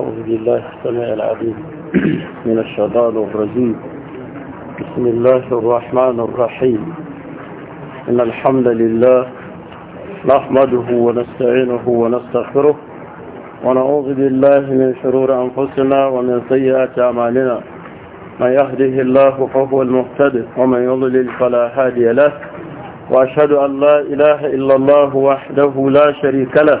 أعوذ بالله السماء العظيم من الشيطان الرجيم بسم الله الرحمن الرحيم إن الحمد لله نحمده ونستعينه ونستغفره ونعوذ بالله من شرور أنفسنا ومن سيئات أعمالنا من يهده الله فهو المهتد ومن يضلل فلا هادي له وأشهد أن لا إله إلا الله وحده لا شريك له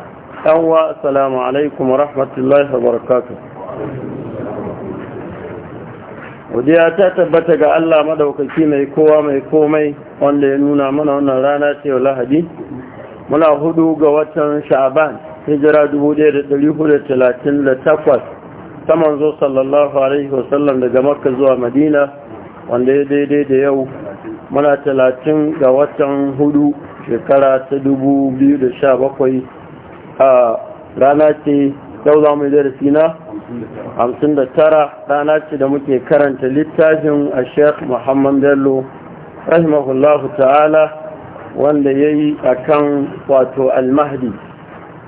yanwa salamu alaikum wa rahmatullahi wa barakatu wajiya ta tabbata ga Allah madaukaki mai kowa mai komai wanda ya nuna mana wannan rana ce lahadi muna hudu ga watan sha'aban hijira 1438 ta manzo sallallahu alaihi wasallam daga makka zuwa madina wanda ya daidai da yau muna 30 ga watan hudu shekara ta 2017 a rana ce yau za mu darasi na 59 rana ce da muke karanta littafin a sheikh muhammad bello rahimahullahu ta'ala wanda ya yi a kan wato Al mahdi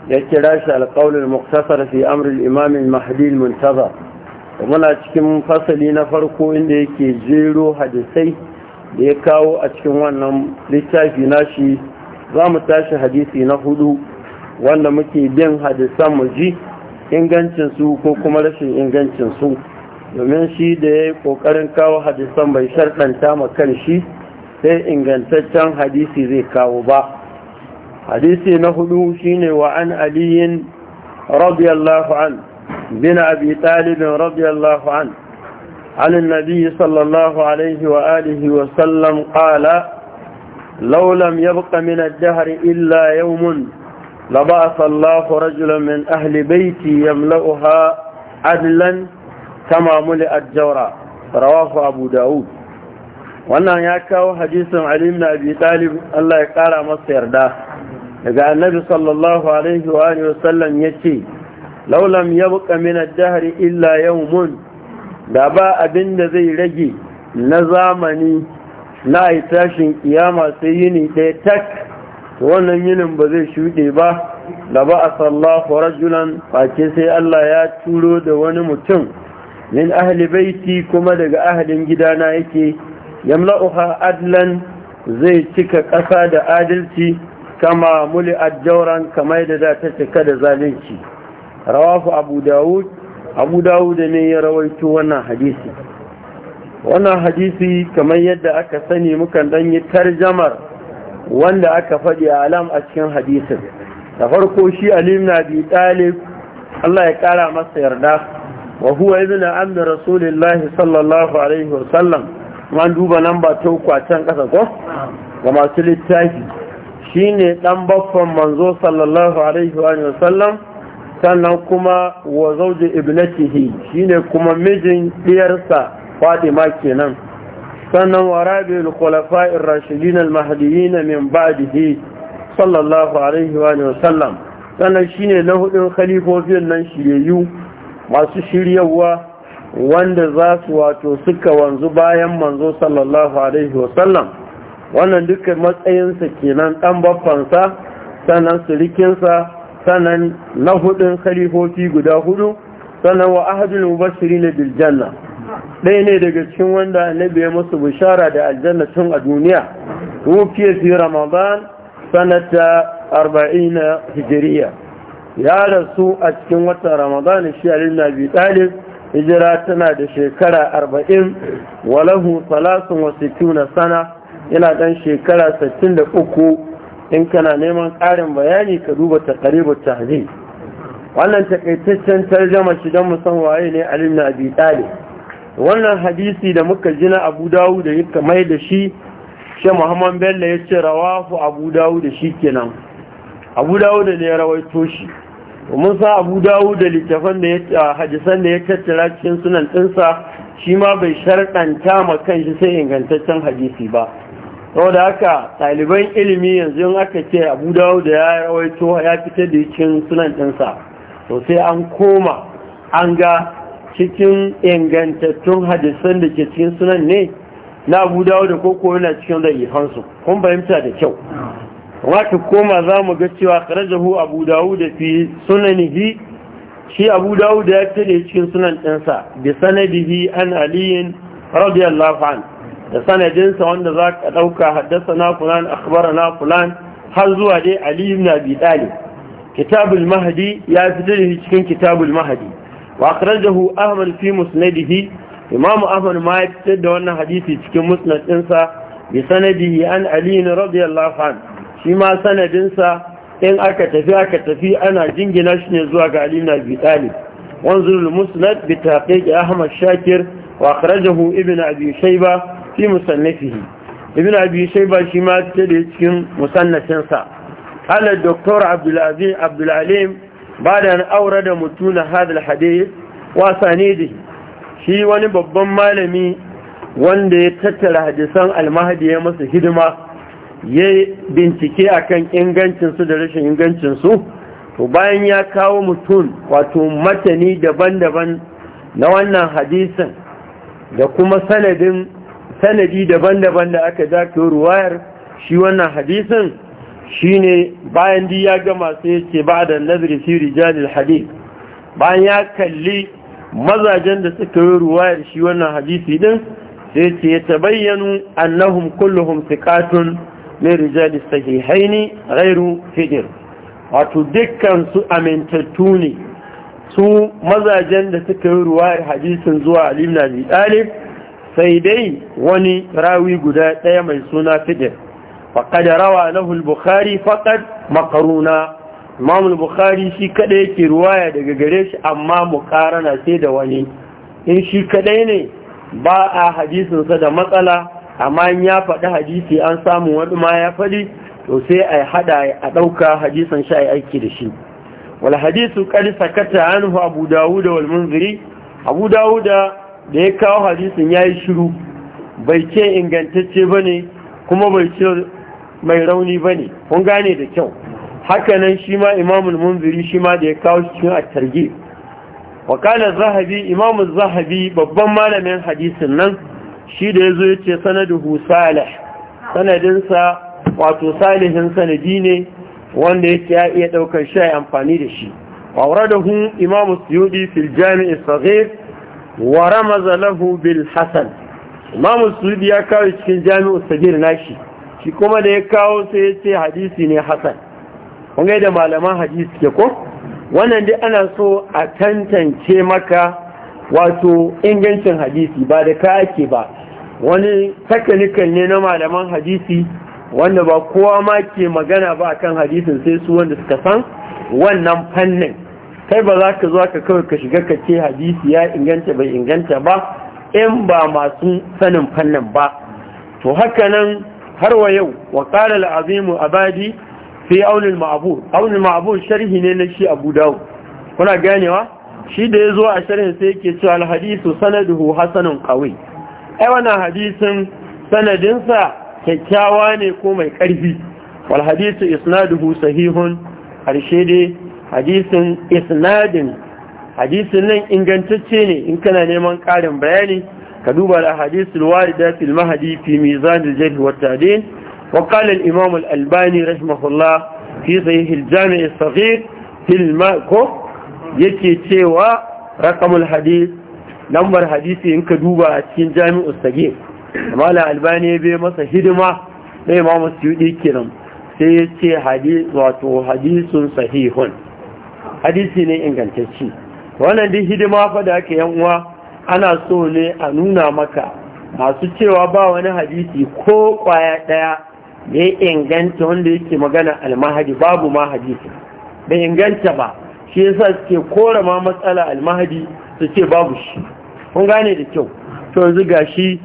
ya kira shi alƙaunin muktasar fi amurin imamin mahdi muntaza muna cikin fasali na farko inda yake jero hadisai da ya kawo a cikin wannan littafi nashi za mu tashi hadisi na hudu wanda muke bin hadisan mu ji ingancin su ko kuma rashin ingancin su domin shi da ya yi ƙoƙarin kawo hadisan bai sharɗanta ma kan shi sai ingantaccen hadisi zai kawo ba hadisi na hudu shine wa an aliyin radiyallahu an bin abi talibin radiyallahu an عن النبي صلى الله عليه وآله وسلم قال لو لم يبق من الدهر إلا يوم لبعث الله رجلا من أهل بيتي يملأها عدلا كما ملئت جورا رواه أبو داود wannan ya kawo hadisin Ali ibn Abi Talib Allah ya kara masa yarda daga Annabi sallallahu alaihi wa alihi wasallam yace law lam yabqa min ad-dahr illa yawmun da ba abin da zai rage na zamani na tashin kiyama sai yini ɗaya tak wannan yinin ba zai shuɗe ba da ba a sallahu rajulan fakin sai Allah ya turo da wani mutum min ahli baiti kuma daga ahalin gidana yake yamla'uha adlan zai cika ƙasa da adalci kama muli ajjauran kamar da za ta cika da zalunci rawafu abu dawud abu dawud ne ya rawaito wannan hadisi wannan hadisi kamar yadda aka sani mukan ɗanyi tarjamar wanda aka faɗi alam a cikin hadisin da farko shi alim na bi talib Allah ya ƙara masa yarda wa huwa ibn ammi sallallahu alaihi wasallam man duba lamba ta uku a can ƙasa ko ga masu littafi shine dan baffan manzo sallallahu alaihi wa sallam sannan kuma wa zauji ibnatihi shine kuma mijin diyarsa Fatima kenan sannan wa rabiul khulafa'ir rashidin al-mahdiyyin min ba'dihi sallallahu alaihi wa sallam sannan shine na hudun khalifofin nan shiryayyu masu shiryawa wanda za su wato suka wanzu bayan manzo sallallahu alaihi wa sallam wannan duka matsayinsa kenan dan baffansa sannan surikinsa sannan na hudun khalifofi guda hudu sannan wa ahadul mubashirin bil janna ɗaya ne daga cikin wanda annabi ya musu bishara da aljanna tun a duniya wufiye fi ramadan sanata arba'ina hijiriya ya rasu a cikin watan ramadan shi a lina bi ɗalib hijira tana da shekara arba'in walahu salasun wasu tuna sana yana ɗan shekara sittin da uku in kana neman ƙarin bayani ka duba ta ƙaribu tahzib wannan takaitaccen tarjama shi don musamman waye ne a lina bi ɗalib wannan hadisi da muka ji na abu dawu da ya kamai da shi shi muhammad bello ya ce rawafu abu dawu da shi kenan abu dawu da ne ya rawaito shi mun sa abu dawu da littafan da ya hadisan da ya tattara cikin sunan ɗinsa shi ma bai sharɗanta ma kan shi sai ingantaccen hadisi ba saboda haka ɗaliban ilimi yanzu in aka ce abu dawo da ya rawaito ya fitar da cikin sunan ɗinsa sosai an koma an ga cikin ingantattun hadisan da ke cikin sunan ne na abu dawo da koko yana cikin zaifansu kun fahimta da kyau wata koma za mu ga cewa karajahu abu dawo da fi sunanihi shi abu dawo da ya tare cikin sunan ɗinsa bi sanadihi an aliyin radiyallahu an da sanadinsa wanda za ka ɗauka haddasa na fulan akbara na fulan har zuwa dai aliyu na bi ɗali kitabul mahadi ya fi da cikin kitabul mahadi wa akhrajahu ahmad fi musnadihi imam ahmad ma ya fitar da wannan hadisi cikin musnad dinsa bi sanadihi an ali radiyallahu an shi ma sanadinsa in aka tafi aka tafi ana jingina shi ne zuwa ga ali na bi wanzur musnad bi taqiq ahmad shakir wa akhrajahu ibn abi shayba fi musannafihi ibn abi shayba shi ma ta da cikin musannafinsa ala doktor abdul بعد أن أورد متون هذا الحديث وأسانيده shi wani babban malami wanda ya tattara hadisan almahadi ya masa hidima ya bincike akan ingancinsu da rashin ingancinsu to bayan ya kawo mutum wato matani daban-daban na wannan hadisan da kuma sanadin sanadi daban-daban da aka zaka ruwayar shi wannan hadisan shine bayan di ya gama sai ce ba da nazari fi rijalil hadith bayan ya kalli mazajen da suka yi ruwayar shi wannan hadisi din sai ce ya tabayyanu annahum kulluhum thiqatun min rijali sahihaini ghairu fidir wato dukkan su amintattu ne su mazajen da suka yi ruwayar hadisin zuwa alim na sai dai wani rawi guda ɗaya mai suna fidir faqad rawa lahu bukhari faqad makaruna. imam bukhari shi kaɗai yake ruwaya daga gare shi amma na sai da wani in shi kaɗai ne ba a hadisin sa da matsala amma in ya faɗi hadisi an samu wani ma ya faɗi to sai a a ɗauka hadisin shi a aiki da shi wal hadisu qad sakata anhu abu dawud wal munziri abu dawud da ya kawo hadisin yayi shiru bai ce ingantacce bane kuma bai ce mai rauni ba ne kun gane da kyau hakanan shi ma imamul munziri shi ma da ya kawo cikin attarge wakalar zahabi imamun zahabi babban malamin hadisin nan shi da ya zo ya ce sanadu salih sanadinsa wato salihin sanadi ne wanda yake ya iya ɗaukar shi amfani da shi وأورده إمام السيودي في الجامع الصغير ورمز له بالحسن إمام ya kawo cikin الجامع الصغير nashi. shi kuma da ya kawo sai ya ce hadisi ne hasan kun da malaman hadisi ke ko wannan dai ana so a tantance maka wato ingancin hadisi ba da ka ake ba wani takanikan ne na malaman hadisi wanda ba kowa ma ke magana ba kan hadisin sai su wanda suka san wannan fannin kai ba za ka zo ka kawai ka shiga ka ce hadisi ya inganta bai inganta ba in ba masu sanin fannin ba to haka nan har wa yau wa qala al-azim abadi fi aun al-ma'bud sharhi ne na shi abu dawo kuna ganewa shi da yazo a sharhin sai yake cewa al sanadu sanaduhu hasanun qawi ai wannan hadisin sanadin kyakkyawa ne ko mai ƙarfi? wal hadithu isnaduhu sahihun harshe dai hadisin isnadin hadisin nan ingantacce ne in kana neman ƙarin bayani ka duba da ahadith al-warida fil mahdi fi mizan al-jarh wa at wa qala al-imam al-albani rahimahullah fi sahih al-jami' al-saghir fil ma'ko yake cewa raqamul hadith lambar hadisi in ka duba a cikin jami'ul saghir al albani bai masa hidima na imamu suyudi kiran sai ya ce wato hadisun sahihun hadisi ne ingantacci wannan din hidima fa da aka yan uwa ana so ne a nuna maka masu cewa ba wani hadisi ko kwaya ɗaya da ya inganta wanda yake magana almahadi babu ma hadisi bai inganta ba shi yasa suke kora ma matsala almahadi su ce babu shi kun gane da kyau to yanzu gashi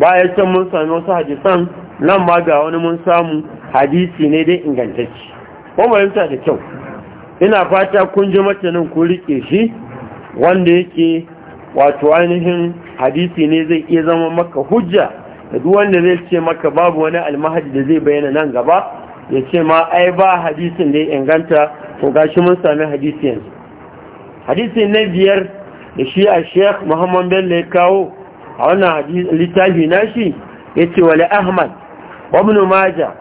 ya can mun sami wasu hadisan nan ma ga wani mun samu hadisi ne dai ingantacce ko fahimta da kyau ina fata kun ji matanin ku rike shi wanda yake wato ainihin hadisi ne zai iya zama maka hujja da duk wanda zai ce maka babu wani almahadi da zai bayyana nan gaba ya ce ma ai ba hadisin da ya inganta to gashi mun sami hadisi yanzu hadisi na biyar da shi a sheikh muhammad bello ya kawo a wannan littafi shi ya ce wale ahmad wabnu maja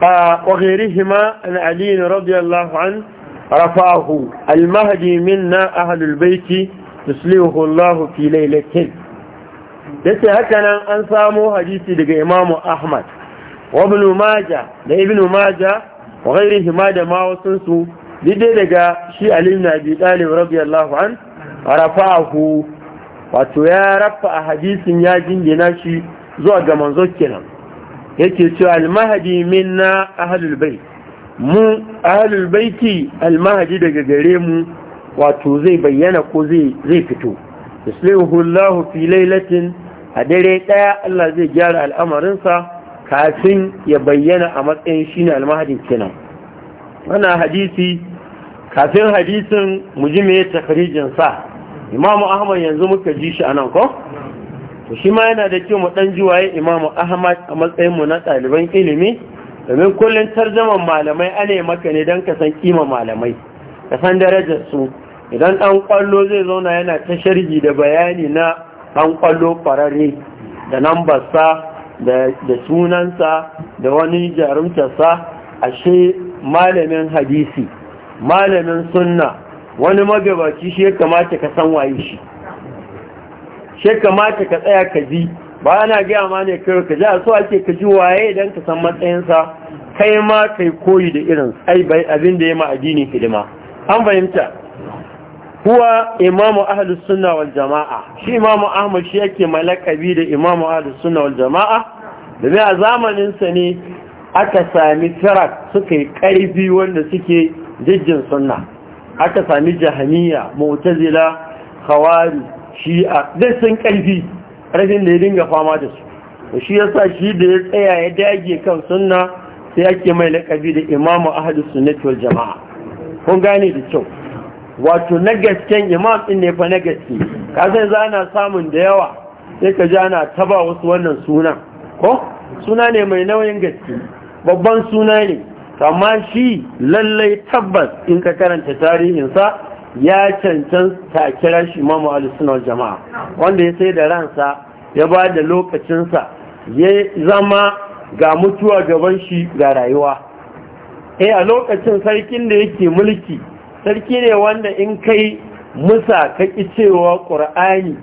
a hima an aliyu radiyallahu an rafa'ahu almahadi minna ahalul baiti yuslihu Allah fi lailatin Dace haka nan an samo hadisi daga Imam Ahmad wa Ibn Majah da Ibn Majah wa ghairihi ma da ma wasun su dide daga shi Ali ibn Abi Talib radiyallahu an rafa'ahu wato ya rafa hadisin ya jingina shi zuwa ga manzo kenan yake cewa al-mahdi minna ahlul bayt mu ahlul bayti al-mahdi daga gare mu wato zai bayyana ko zai fito yuslihu Allah fi lailatin a dare daya Allah zai gyara al'amarinsa kafin ya bayyana a matsayin shine almahadin kenan wannan hadisi kafin hadisin mu ji me tafarijin sa imamu ahmad yanzu muka ji shi anan ko to shi ma yana da kyau mu dan ji waye imamu ahmad a matsayin mu na ɗaliban ilimi domin kullun tarjaman malamai ana maka ne dan ka san kima malamai ka san darajar su idan ɗan ƙwallo zai zauna yana ta shirgi da bayani na ɗan ƙwallo farare da nambarsa da sunansa da wani jarumtarsa ashe malamin hadisi malamin sunna wani magabaci shi ya kamata ka san waye shi shi kamata ka tsaya ka ji ba ana gaya ma ne kai ka ji a so ake ka ji waye idan ka san matsayinsa kai ma kai koyi da irin abin da ya ma addini hidima an fahimta huwa imamu ahlus sunna wal jama'a shi imamu ahmad shi yake malakabi da imamu ahlus sunna wal jama'a domin a zamanin sa ne aka sami firak suka yi karfi wanda suke jijjin sunna aka sami jahaniya mu'tazila khawari shi'a duk sun karfi rashin da ya dinga fama da su shi yasa shi da ya tsaya ya dage kan sunna sai yake mai lakabi da imamu ahlus sunna wal jama'a kun gane da kyau wato na gasken imam ɗin ne fa na gaske ka san za na samun da yawa sai ka ja na taba wasu wannan suna ko suna ne mai nauyin gaske babban suna ne amma shi lallai tabbas in ka karanta tarihinsa ya cancan a kira shi imamu alisunan jama'a wanda ya sai da ransa ya ba da lokacinsa ya zama ga mutuwa gaban shi ga rayuwa eh a lokacin sarkin da yake mulki sarki ne wanda in kai musa ka ƙi cewa ƙur'ani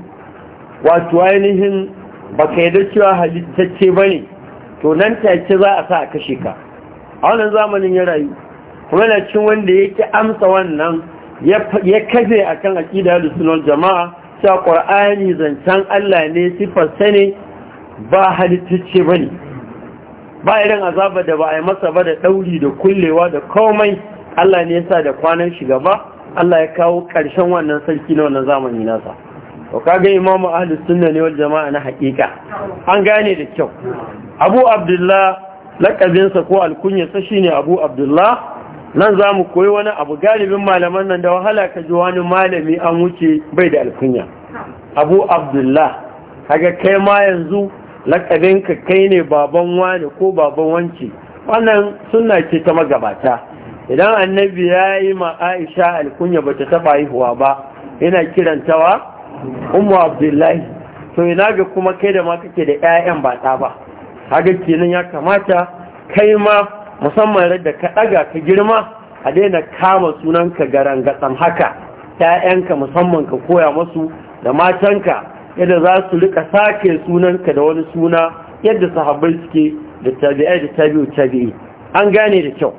wato ainihin ba ka yi cewa halittacce ba ne to nan take za a sa a kashe ka a wannan zamanin ya rayu kuma yana cin wanda ya yake amsa wannan ya kafe a kan aƙida da sunan jama'a cewa ƙur'ani zancen allah ne siffarsa ne ba halittacce ba ne ba irin azaba da ba a yi masa ba da ɗauri da kullewa da komai Allah ne yasa da kwanan shi gaba Allah ya kawo ƙarshen wannan sarki na wannan zamani nasa to kaga imamu ahli sunna ne wal jama'a na haƙiƙa an gane da kyau Abu Abdullah sa ko sa shine Abu Abdullah nan zamu koyi wani abu galibin malaman nan da wahala ka ji wani malami an wuce bai da alkunya abu abdullah kaga kai ma yanzu lakabin ka kai ne baban wani ko baban wanci wannan sunna ce ta magabata idan annabi ya yi ma aisha alkunya ba ta taɓa haihuwa ba yana kirantawa umu abdullahi to ina ga kuma kai da ma kake da 'ya'yan ba ta ba haka kenan ya kamata kai ma musamman da ka ɗaga ka girma a daina kama sunanka garangatsan haka 'ya'yanka musamman ka koya masu da matanka yadda za su rika sake sunanka da wani suna yadda sahabbai suke da tabi'ai da tabi'u tabi'i an gane da kyau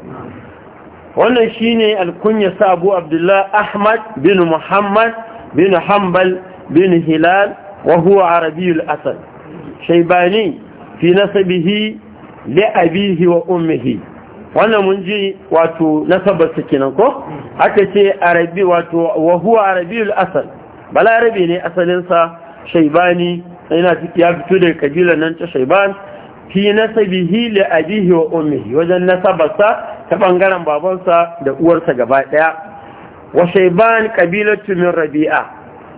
wannan shine alkunya sa abu abdullah ahmad bin muhammad bin hanbal bin hilal wa huwa al asal shaybani fi nasabihi li abihi wa ummihi wannan mun ji wato nasabar su kenan ko aka ce arabi wato wa huwa arabiyul asal rabi ne asalin sa shaybani yana ya fito daga kabilar nan ta shayban fi nasabihi li abihi wa ummihi wajen nasabarsa ta bangaren babansa da uwarsa gaba daya wa shayban qabilatu min rabi'a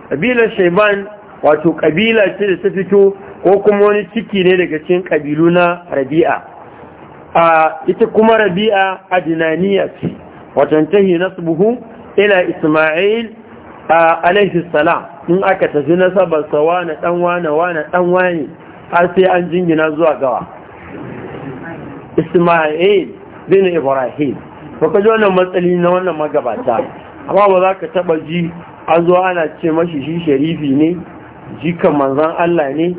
qabila shayban wato kabila ce da ta fito ko kuma wani ciki ne daga cikin kabilu na rabi'a a ita kuma rabi'a adinaniya ce wato tahi nasbuhu ila isma'il alaihi salam in aka tafi nasabar wa na dan wane wane dan wani har sai an jingina zuwa gawa ismail bin ibrahim ba ka ji wannan matsali na wannan magabata amma ba za ka taba ji an zo ana ce mashi shi sharifi ne jikan manzan Allah ne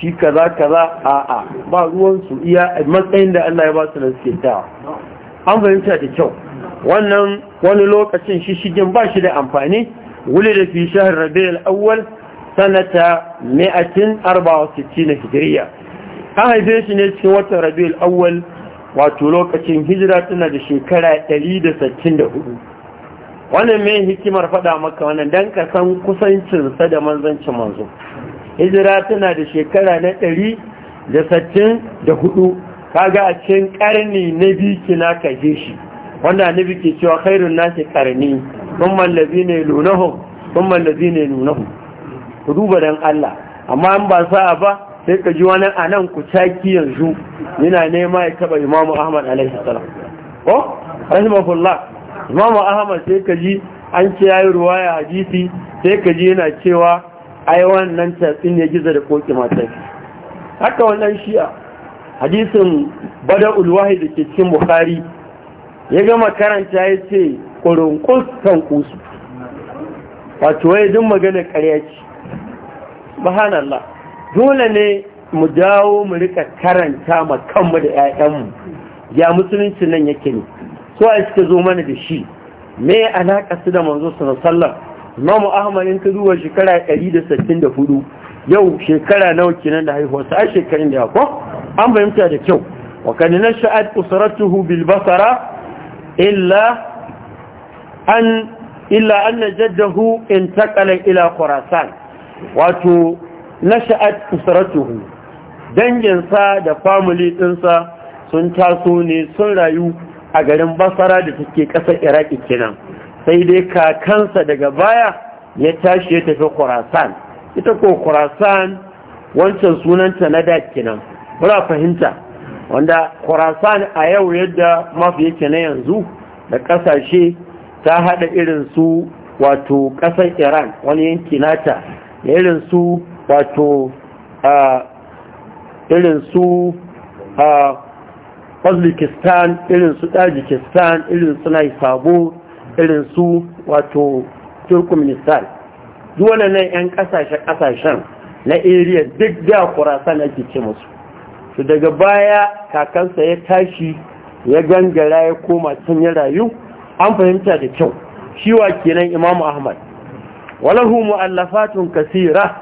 shi kaza kaza a'a ba ruwansu iya matsayin da Allah ya ba su da suke an fahimta da kyau wannan wani lokacin shishigin ba shi da amfani wuli da fi shahar rabi'ul awwal sanata mi'atin arba wa sittina hijiriya an haife shi ne cikin watan rabiul awwal wato lokacin hijira tana da shekara 164 wannan mai hikimar faɗa maka wannan dan ka san kusancinsa da manzancin manzo hijira tana da shekara na 164 kaga a cikin ƙarni na biyu kina ka je shi wanda annabi ke cewa khairun nasi qarni thumma allazina yalunahum thumma allazina yalunahum ku duba dan Allah amma in ba sa'a ba sai ka ji wani anan ku caki yanzu yana nema ya taba imamu ahmad alaihi salam ko rahimahullah imamu ahmad sai ka ji an ce yayi ruwaya hadisi sai ka ji yana cewa ai wannan tatsin ya giza da koki mata. haka wannan shi'a hadisin bada ulwahi da ke cikin bukhari ya gama karanta ya ce kurunkus kan kusu wato wai duk magana ƙarya ce subhanallah dole ne mu dawo mu rika karanta ma kanmu da 'ya'yanmu ya musulunci nan yake ne so a suka zo mana da shi me alaƙa su da manzo sallallahu Imamu Ahmad in ka duba shekara 164 yau shekara nawa kenan da haihuwarsa a shekarun da ko an fahimta da kyau wa kad nasha'at usratuhu bil basara illa an illa anna jaddahu intaqala ila khurasan wato nasha'at usratuhu danginsa da family ɗinsa sun taso ne sun rayu a garin basara da take ƙasar iraq kenan sai dai kakansa daga baya ya tashi ya tafi khurasan ita ko khurasan wancan sunanta na da kenan muna fahimta wanda khurasan a yau yadda mafi yake na yanzu da ƙasashe ta haɗa irin su wato ƙasar iran wani yanki nata irin su wato a irin su a uzbekistan irin su tajikistan irin su naisabo irin su wato turkmenistan duk 'yan ƙasashen-ƙasashen na area duk da kurasa ake ce musu su daga baya kakansa ya tashi ya gangara ya koma can ya rayu an fahimta da kyau shiwa kenan imamu ahmad walahu mu'allafatun kasira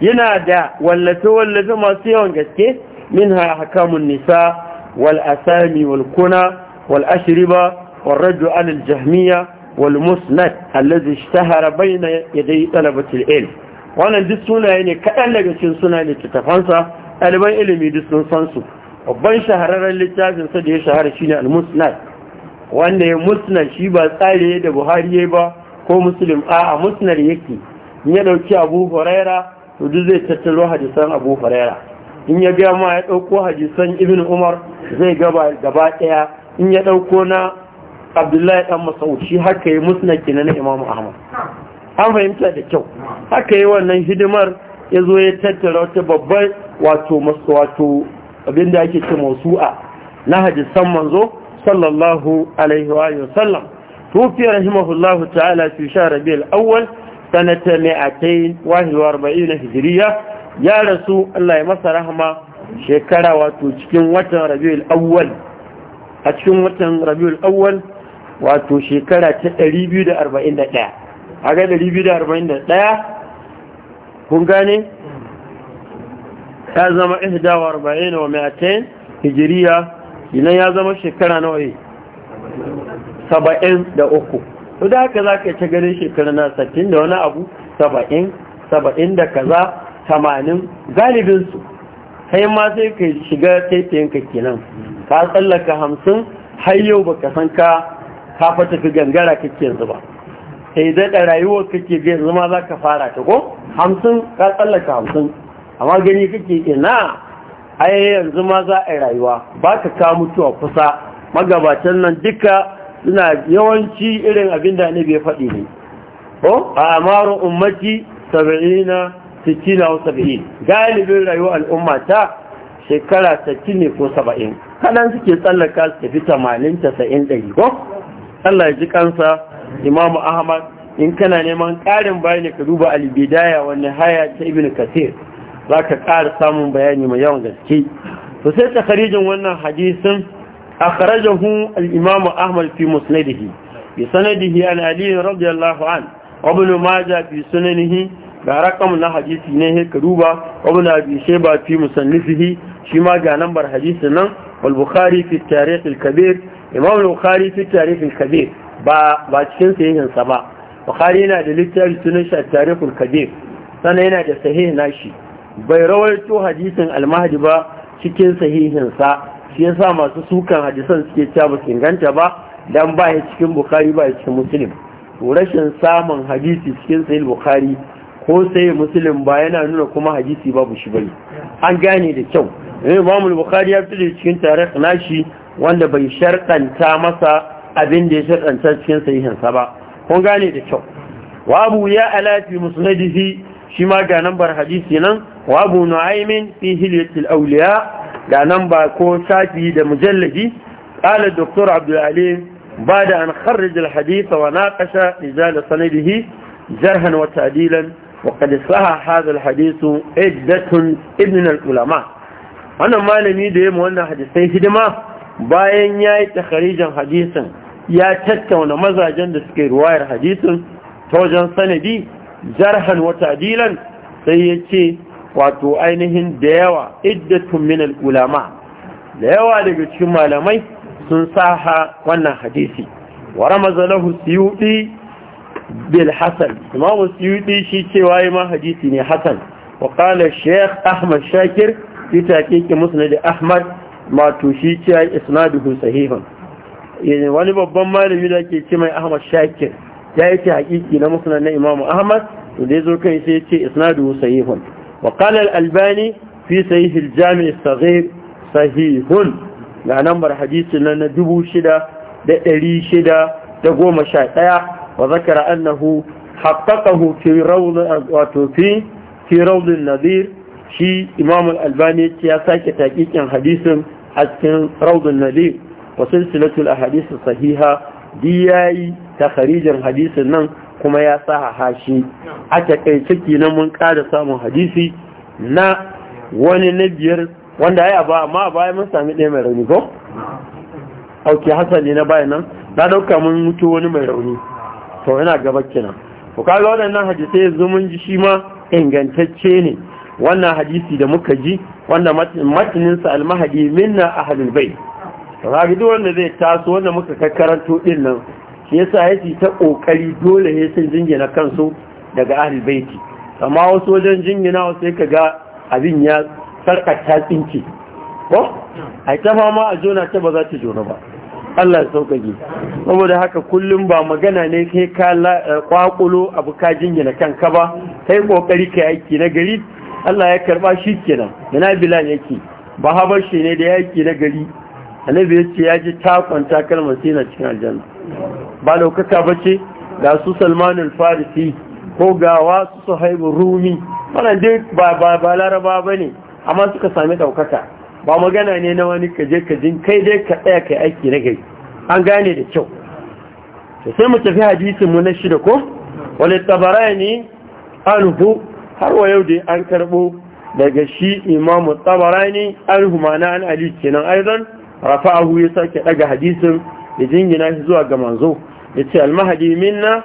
yana da wallafe wallafe masu yawan gaske minha hakamun nisa wal asami wal kuna wal ashriba wal rajul al jahmiya wal musnad allazi ishtahara bayna yaday talabatil ilm wannan duk sunaye ne kaɗan daga cikin sunaye littattafansa ɗaliban ilimi duk sun san su babban shahararren littafinsa da ya shahara shine al-musnad wanda ya musnad shi ba tsari da buhari ba ko muslim a a musnad yake in ya dauki abu huraira to duk zai tattaro hadisan abu huraira in ya ga ma ya dauko hadisan ibn umar zai gaba gaba daya in ya dauko na abdullahi dan mas'ud shi haka yi musnad ki na imam ahmad an fahimta da kyau haka yi wannan hidimar ya zo ya tattara wata babbar wato masu wato abinda ake ce mausu'a na hadisan manzo sallallahu alaihi wa sallam Tufi ya rahima huzlu Allah Ta'ala filin shan rabiyar awar sanata mai atayan wahewa arba'in da hijiriya. Ya rasu, Allah rahma shekara wato cikin watan rabiyar awar, a cikin watan rabiyar awar wato shekara ta ɗari biyu da kun gane. Ya zama irin dawa a rabayin dawa mai ya zama shekara nawa? saba'in da uku to da haka za ka ci ganin shekaru na sattin da wani abu saba'in saba'in da kaza tamanin galibinsu sai ma sai ka shiga ka kenan ka tsallaka hamsin har yau ba ka san ka kafa tafi gangara kake yanzu ba sai daɗa rayuwar kake ke yanzu ma za ka fara ta ko hamsin ka tsallaka hamsin amma gani kake ina ai yanzu ma za a yi rayuwa ba ka kawo mutuwa kusa magabatan nan duka suna yawanci irin abin da ne bai faɗi ne ko a amaru ummati 70 60 ko 70 galibin rayuwar al'umma ta shekara 60 ne ko 70 kanan suke tsallaka su tafi 80 90 ɗari ko Allah ya ji kansa Imam'u Ahmad in kana neman ƙarin bayani ka duba al-bidaya wani haya ta Ibn Kathir ka ƙara samun bayani mai yawan gaske to sai ta wannan hadisin أخرجه الإمام أحمد في مسنده بسنده عن علي رضي الله عنه وابن ماجه في سننه برقم لا حديث نه كروبا وابن أبي شيبة في مسنده شما جاء نمبر حديثنا والبخاري في التاريخ الكبير إمام البخاري في التاريخ الكبير با با cikin sahihin sa ba Bukhari yana da littafi sunan shi at-Tarikhul Kabir sannan yana da sahih nashi bai rawaito hadisin al ba cikin sahihin sa shi yasa masu sukan hadisan suke cewa ba inganta ba dan ba ya cikin bukhari ba ya cikin muslim to rashin samun hadisi cikin sahih bukhari ko sai muslim ba yana nuna kuma hadisi babu shi bane an gane da kyau imam bukhari ya fito cikin tarikh nashi wanda bai sharkanta masa abin da ya sharkanta cikin sahihin sa ba kun gane da kyau wa abu ya ala fi musnadihi shi ma ga nambar hadisi nan wa abu nu'aymin fi hilyatil awliya da nan ba ko shafi da mujallabi qala doktor abdul ba bada an kharraj al wa na naqasha rijal sanadihi jarhan wa ta'dilan wa qad saha hadha iddatun ibn al ulama wannan malami da yayin wannan hadisai hidima bayan yayi takharijan hadisin ya tattauna mazajen da suke ruwayar hadisin ta wajen sanadi jarhan wa ta'dilan sai ya ce wato ainihin da yawa iddatun min ulama da yawa daga cikin malamai sun saha wannan hadisi wa ramaza lahu siyudi bil hasan imam siyudi shi ce yi ma hadisi ne hasan wa qala shaykh ahmad shakir fi taqiqi musnad ahmad ma to shi cewa isnaduhu sahihun wani babban malami da ke ce mai ahmad shakir ya yi ta hakiki na musnad na imam ahmad to dai zo kai sai ya ce isnaduhu sahihun وقال الألباني في صحيح الجامع الصغير صحيح ga nambar hadisi na dubu shida da ɗari shida da goma sha ɗaya wa zakara annahu haƙaƙahu fi raudin nazir shi imam albani ya sake taƙiƙin hadisin a cikin raudin nazir wa silsilatul ahadisi sahiha di yayi ta hadisin nan kuma ya a shi a takaice kenan mun ƙara samun hadisi na wani na biyar wanda ya ba amma baya mun sami ɗaya mai rauni ko? auki hasali na bayan nan na ɗauka mun mutu wani mai rauni to yana gaba kenan ku kaga waɗannan hadisai yanzu mun ji shi ma ingantacce ne wannan hadisi da muka ji wanda sa almahadi minna ahlul bai to kaga duk wanda zai taso wanda muka kakkaranto din nan yasa yake ta kokari dole ne sun jingina kansu daga ahlul baiti amma wasu wajen jingina wasu sai kaga abin ya sarkata tsinki ko ai ta fama a jona ta ba za ta jona ba Allah ya sauƙaƙe saboda haka kullum ba magana ne kai ka kwakulo eh, abu ka jingina kanka ba kai kokari kai aiki na gari Allah ya karba shi kenan yana bilan yake ba habar shi ne da yaki na gari annabi ya ce ya ji takon takalma sai na cikin aljanna ba laukaka ba ce ga su salmanul farisi ko ga wasu su haibu rumi mana dai ba laraba ba ne amma suka sami ɗaukaka ba magana ne na wani kaje kajin kai dai ka tsaya kai aiki na gari an gane da kyau sai mu tafi hadisin mu na shida ko wani tabara ne anhu har wa yau dai an karɓo daga shi imamu tabara ne mana an ali kenan aizan rafa'ahu ya sake daga hadisin ya jingina shi zuwa ga manzo ya ce almahadi minna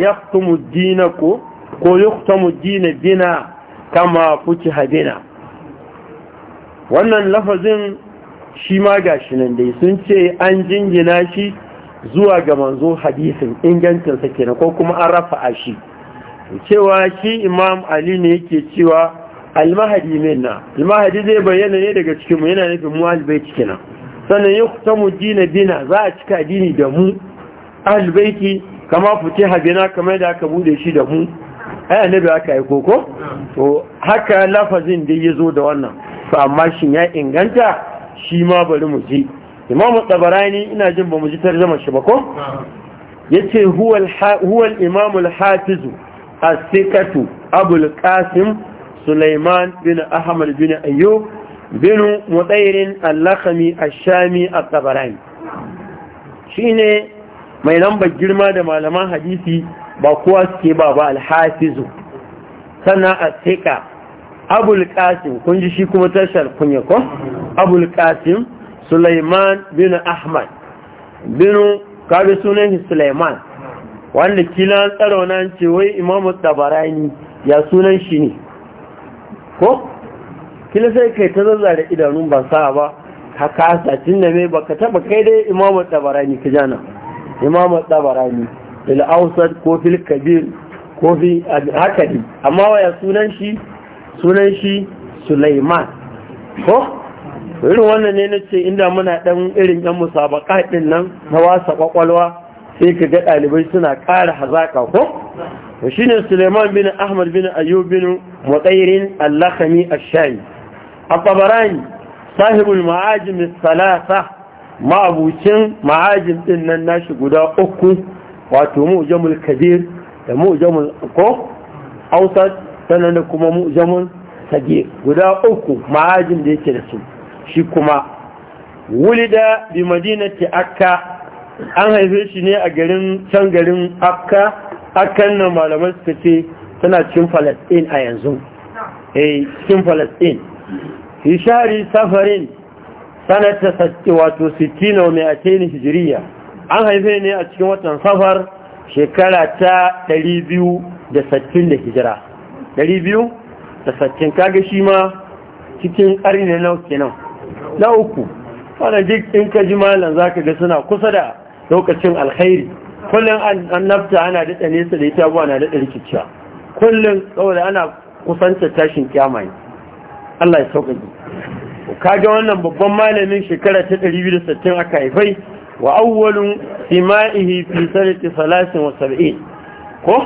ya mu dina ku? ko ya mu dina dina kama kuci hadina wannan lafazin shi ma shi nan dai sun ce an jingina shi zuwa ga manzo hadisin ingancinsa kenan ko kuma an rafa a shi cewa shi imam ali ne yake cewa almahadi minna almahadi zai bayyana ne daga cikinmu yana nufin mu cikinan sannan ya kuta mu dina dina za a cika dini da mu albaiki kama fice habina kama da aka bude shi da mu ai annabi aka yi koko to haka lafazin da ya zo da wannan to amma shi ya inganta shi ma bari mu ji imamu tabarani ina jin ba mu ji tarjama shi ba ko Ya huwa huwal al-imam sikatu abul sulaiman bin ahmad bin ayyub binu mutsayirin allakami a shami a tsabarani shi ne mai lambar girma da malaman hadisi ba kowa suke ba ba alhafizu sannan a tsika abul kun ji shi kuma tashar kunya ko abulkasim suleiman bin ahmad binu kaga sunan suleiman wanda kila tsaro nan ce wai imamu tabarani ya sunan shi ne ko kila sai kai ta zazzare idanun ban sa ba ka kasa da mai baka taba kai dai imamu tabarani ka jana imamu tabarani fil ausad ko fil kabir ko fi haka ne amma waya sunan shi sunan shi Sulaiman ko irin wannan ne na ce inda muna dan irin yan musabaka din nan na wasa kwakwalwa sai ka ga ɗalibai suna ƙara hazaka ko shi shine Sulaiman bin Ahmad bin Ayyub bin Mutairin Asha'i. الطبراني صاحب المعاجم الثلاثة ما أبوشن معاجم إن الناس قد أكو واتو مؤجم الكبير مؤجم الكو أوسط سننكم مؤجم الصغير قد أكو معاجم دي كرسو شكما ولد بمدينة أكا an haife shi ne a garin can garin akka akan nan malamai suka ce tana cikin falasɗin a yanzu eh cikin falasɗin fi shari safarin sanata wato 60 ake ni hijiriya. an haife ne a cikin watan safar shekara ta 260 da hijira 260 kaga shi ma cikin karni na kenan na uku wadda duk in ka ji malam za ka ga suna kusa da lokacin alkhairi kullum an nafta ana daɗa nesa da ita abuwa na daɗa rikicciya kullum saboda ana kusanta tashin kyamani Allah ya Ka kaga wannan babban malamin shekara ta 260 aka haifai wa awwalun sima'ihi fi sanati 73 ko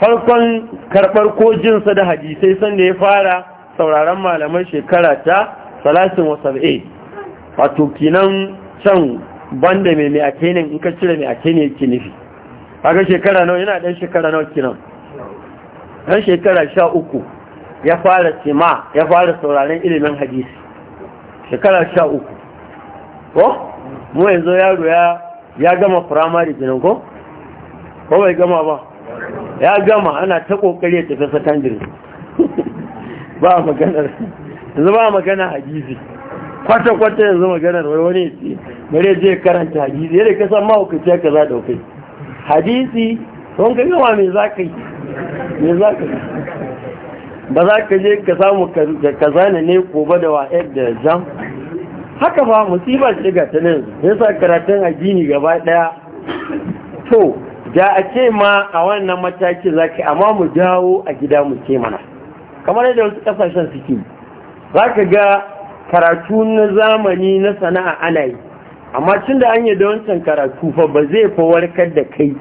farkon karbar ko jin sa da hadisai san da ya fara sauraron malaman shekara ta 73 wato kinan can banda mai mai ake in ka cire mai ake ne yake nufi kaga shekara nawa yana dan shekara nawa kinan dan shekara 13 ya fara sima ya fara sauraren ilimin hadisi shekara sha uku ko mu yanzu yaro ya ya gama firamare kenan ko ko bai gama ba ya gama ana ta kokari ya tafi sakandare ba maganar yanzu ba magana hadisi kwata-kwata yanzu maganar wani ce bare je karanta hadisi yadda ka san mahaukaci ya ka da kai hadisi don ka gama me za ka yi me za ka yi ba za ka je ka samu ka zane ne ko ba da wa'ad da jam haka fa musiba ce ga ta nan yasa karatun addini gaba daya to da a ce ma a wannan mataki za ka amma mu jawo a gida mu ce mana kamar yadda wasu kasashen suke za ka ga karatu na zamani na sana'a ana yi amma cin da an yi da wancan karatu fa ba zai fa warkar da kai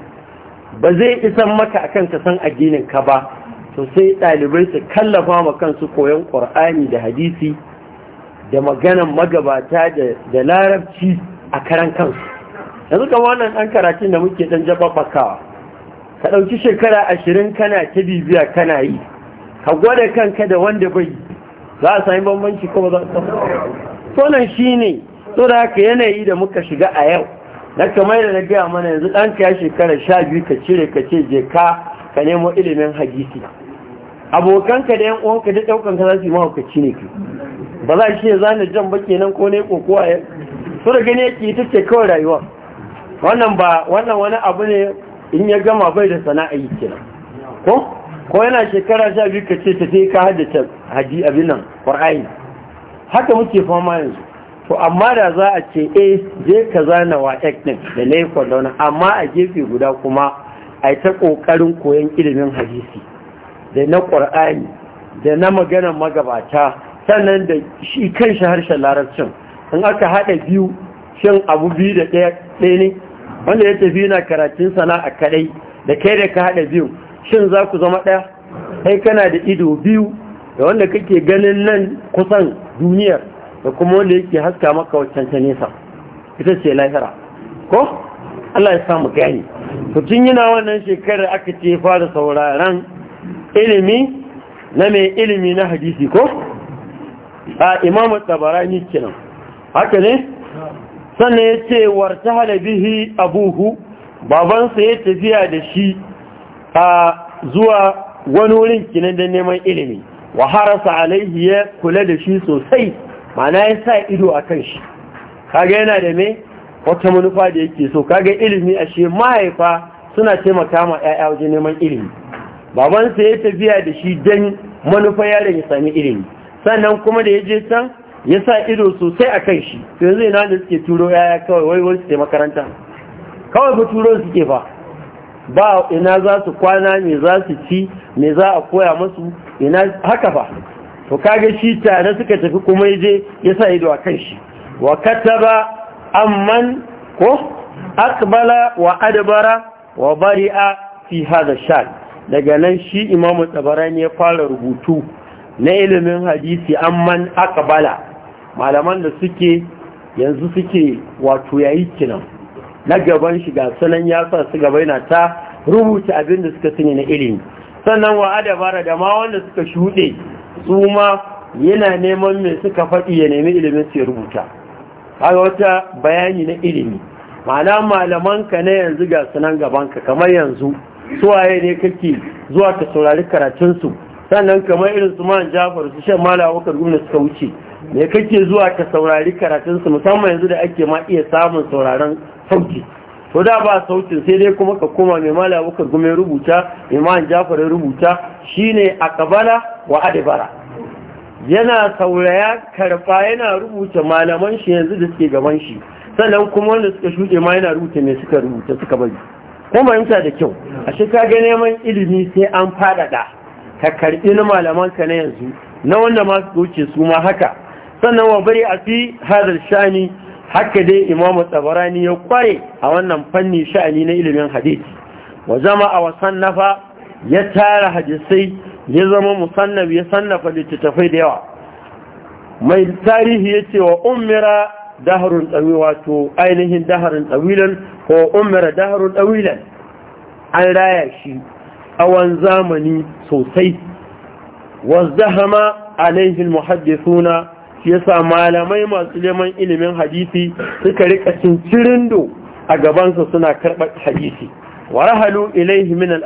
ba zai isan maka akan kasan san addinin ka ba to sai ɗalibai su kallafa ma kansu koyon ƙwar'ani da hadisi da maganan magabata da larabci a karan kansu yanzu kama wannan ɗan karatun da muke ɗan jaɓaɓɓakawa ka ɗauki shekara ashirin kana ta bibiya kana yi ka gwada kanka da wanda bai za a sami bambanci kuma za a sonan shi ne so da haka yanayi da muka shiga a yau na kamar da na gaya mana yanzu ɗanka ya shekara sha biyu ka cire ka ce je ka ka nemo ilimin hadisi abokanka da yan uwanka da daukan ka za su yi mahaukaci ne kai ba za shi ya zane jan ba kenan ko ne kokowa ya su da gani yake ita ce kawai rayuwa wannan ba wannan wani abu ne in ya gama bai da sana'a yi kenan ko ko yana shekara sha biyu ka ce ta sai ka haddace haji abin nan qur'ani haka muke fama yanzu to amma da za a ce eh je ka zana wa ek din da nayi amma a gefe guda kuma ai ta kokarin koyon ilimin hadisi da na ƙwar'ani da na maganar magabata sannan da shi kan shi harshen larabcin in aka haɗa biyu shin abu biyu da ɗaya ne wanda ya tafi yana karatun sana'a kaɗai da kai da ka haɗa biyu shin za ku zama ɗaya kai kana da ido biyu da wanda kake ganin nan kusan duniyar da kuma wanda yake haska maka waccan ta nesa ita ce lahira ko Allah ya samu gani mutum yana wannan shekarar aka ce fara sauraron ilimi na mai ilimi na hadisi ko a imamu tabarani kenan haka ne sannan ya ce warta halabihi abuhu babansa ya tafiya da shi a zuwa wani wurin kinan da neman ilimi wa harasa alaihi ya kula da shi sosai mana ya sa ido a kan shi kaga yana da mai wata manufa da yake so kaga ilimi a shi mahaifa suna taimaka ma 'ya'ya wajen neman ilimi babansa ya tafiya da shi don manufa yaron ya sami ilimi sannan kuma da ya je can ya sa ido sosai a kan shi to yanzu yana da suke turo yaya kawai wai wani suke makaranta kawai ba turo suke fa ba ina za su kwana me za su ci me za a koya musu? ina haka fa to kaga shi tare suka tafi kuma ya je ya sa ido a kan shi wa kataba amman ko akbala wa adbara wa bari'a fi hadha shad daga nan shi imamu tsabarani ya fara rubutu na ilimin hadisi amman akabala malaman da suke yanzu suke wato yayi kinan na gaban shi ga sunan ya sa su gaba yana ta rubuta abin da suka sani na ilimi sannan wa adabara da ma wanda suka shuɗe su ma yana neman mai suka faɗi ya nemi ilimin su ya rubuta haka wata bayani na ilimi ma'ana malamanka na yanzu ga sunan gabanka kamar yanzu suwaye ne kake zuwa ka saurari karatunsu sannan kamar irin su man jafar su shan mala wakar gumna suka wuce me kake zuwa ka saurari karatunsu musamman yanzu da ake ma iya samun sauraron sauki to da ba sautin sai dai kuma ka koma mai mala wakar gumna rubuta iman jafar ya rubuta shine a kabala wa adibara yana sauraya karfa yana rubuta malaman shi yanzu da suke gaban shi sannan kuma wanda suka shuɗe ma yana rubuta ne suka rubuta suka bari ko ta da kyau a shi ka ga neman ilimi sai an faɗaɗa ka karɓi na malaman ka na yanzu na wanda ma su wuce su ma haka sannan wa bari a fi hadar shani haka dai imamu tsabarani ya kware a wannan fanni sha'ani na ilimin hadisi wa zama a wasan nafa ya tara hadisai ya zama musannabi ya sannafa littattafai da yawa mai tarihi ya ce wa umira daharun tsawi wato ainihin daharun tsawilan ko umara daharun tsawilan an raya shi awon zamani sosai wazdahama alaihin muhaddisuna shi yasa malamai masu neman ilimin hadisi suka rika cirindo a gabansa suna karɓar hadisi warahalu ilaihi min al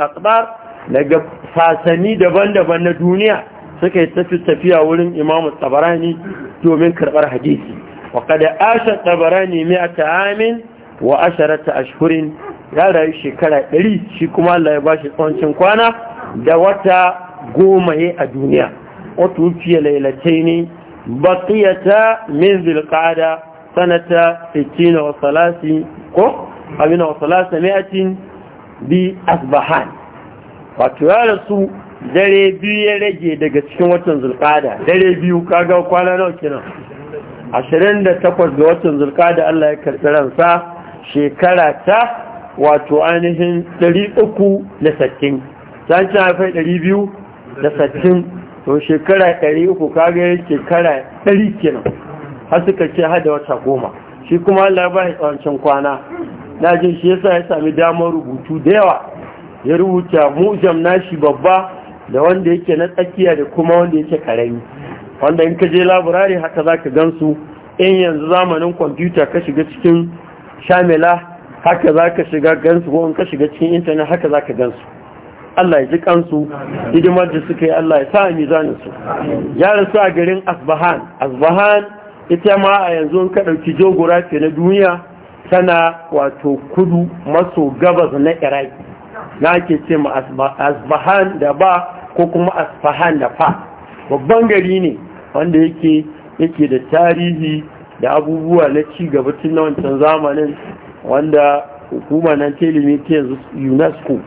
daga fasani daban-daban na duniya suka yi tafiya wurin imamu tsabarani domin karɓar hadisi da وقد عاش الطبراني مئة عام وعشرة أشهر ya rayu shekara ɗari shi kuma Allah ya bashi tsawancin kwana da wata goma a duniya wata wufiya lailatai ne baqiyata min zilqada sanata 60 wa salasi ko abin wa salasa mi'atin bi asbahan wato ya rasu dare biyu ya rage daga cikin watan zulqada dare biyu ka ga kwana nawa kenan ashirin da takwas ga watan zulka da Allah ya karɓi ransa shekara ta wato ainihin ɗari uku da sattin san ci haifai ɗari biyu da sattin to shekara ɗari uku yin shekara ɗari kenan har suka ce hada wata goma shi kuma Allah ba ya tsawancin kwana na jin shi yasa ya sami damar rubutu da yawa ya rubuta mujam nashi babba da wanda yake na tsakiya da kuma wanda yake karami wanda in ka je laburare haka za ka gansu in yanzu zamanin kwamfuta ka shiga cikin shamila haka za ka shiga gansu ko in ka shiga cikin intanet haka za ka gansu Allah ya ji kansu hidimar da suka yi Allah ya sa a mizaninsu yaran su a garin asbahan asbahan ita ma a yanzu in ka ɗauki ce na duniya tana wato kudu maso gabas na iraki na ake ce ma asbahan da ba ko kuma asbahan da fa babban gari ne wanda yake yake da tarihi da abubuwa na ci gaba tun na wancan zamanin wanda hukuma nan yanzu unesco